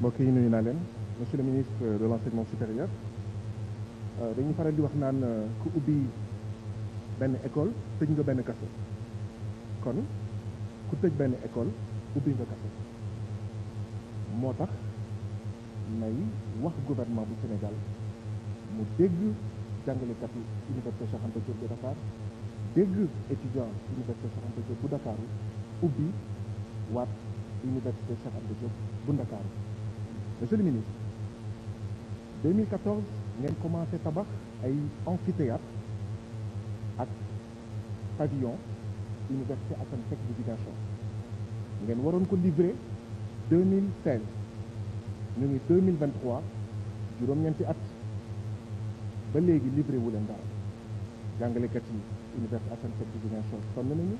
mbokk yi nuyu naa leen monsieur le ministre de l'enseignement supérieur euh, dañuy faral di wax naan euh, ku ubbi benn école tëj nga benn kaso kon ku tëj benn école ubbi nga kaso moo tax may wax gouvernement bu Sénégal mu dégg jàngalekat yi université Cheikh Anta Diop bu Dakar dégg étudiant université Cheikh Anta Diop bu Dakar ubbi waat université Cheikh Anta Diop bu Dakar. monsieur le ministre 2014 ngeen commencé tabax ay amphithéâtre ak pavillon université Assane Seck bu Ziguinchor ngeen waroon ko livré 2016 ñu ngi 2023 juróom-ñeenti at ba léegi livré wu leen dara jàngalekat yi université Assane Seck bu Ziguinchor sonn nañu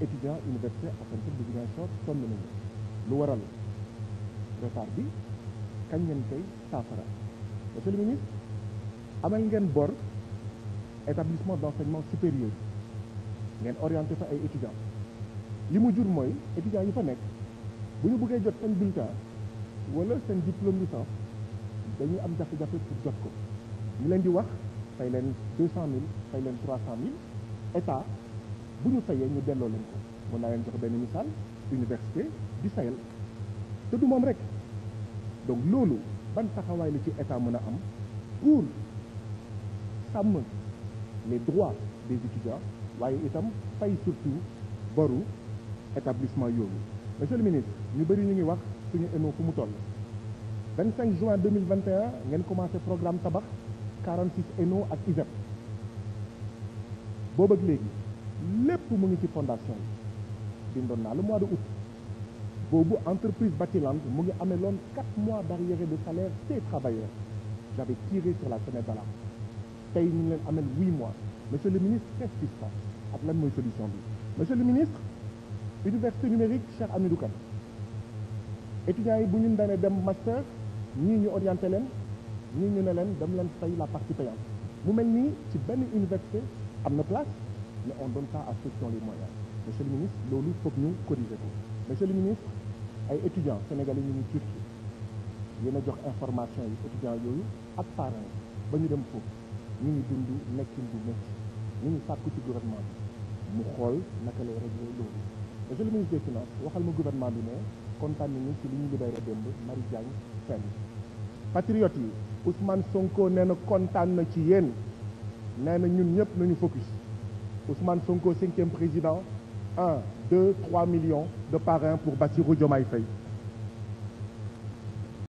étudiant université Assane Seck bu Ziguinchor sonn nañu lu waral retard bi kañ ngeen koy saafara monsieur le ministre amal ngeen bor établissement d'enseignement supérieur ngeen orienté fa ay étudiants li mu jur mooy étudiants yi fa nekk bu ñu bëggee jot seen bulletin wala seen diplôme licence dañuy am jafe-jafe pour jot ko ñu leen di wax fay leen deux cent mille fay leen trois cent mille état bu ñu fayee ñu delloo leen ko mën naa leen jox benn misaal université du Sahel te du moom rek donc loolu ban taxawaay la ci état mën a am pour sàmm les droits des étudiants waaye itam fay surtout boru établissement yooyu monsieur le ministre ñu bëri ñu ngi wax suñu ENO fu mu toll 25 juin 2021 ngeen commencé programme tabax 46 ENO ak ISEP boobu ak léegi lépp mu ngi ci fondation yi bindoon naa le mois de août boobu entreprise Batilande mu ngi ameloon quatre mois d'arriérés de salaire ces travailleurs j'avais tiré sur la sonnette d'alarme tey ñu ngi leen amel huit mois monsieur le ministre qu'est-ce qui se passe ak lan mooy solution li monsieur le ministre université numérique Cheikh Hamidou Kane étudiants yi bu ñu daanee dem master ñii ñu orienté leen ñii ñu ne leen dem leen fay la partie payante mu mel ni ci benn université am na place mais on donne pas à ceux qui ont les moyens monsieur le ministre ay étudiants sénégalais ñu ngi Turquie yéen a jox information yi étudiants yooyu ak parents ba ñu dem foofu ñu ngi dund nekkin bu métti ñu ngi sàkku ci gouvernement bi mu xool naka lay régler loolu. monsieur le ministre des waxal ma gouvernement bi ne kontaan ñu ci li ñu libéré démb Marie Diagne Fenn patriotes yi Ousmane Sonko nee na kontaan na ci yéen nee na ñun ñëpp nañu focus Ousmane Sonko cinquième président. 1, 2, 3 millions de parrains pour Bassirou Diomaye Faye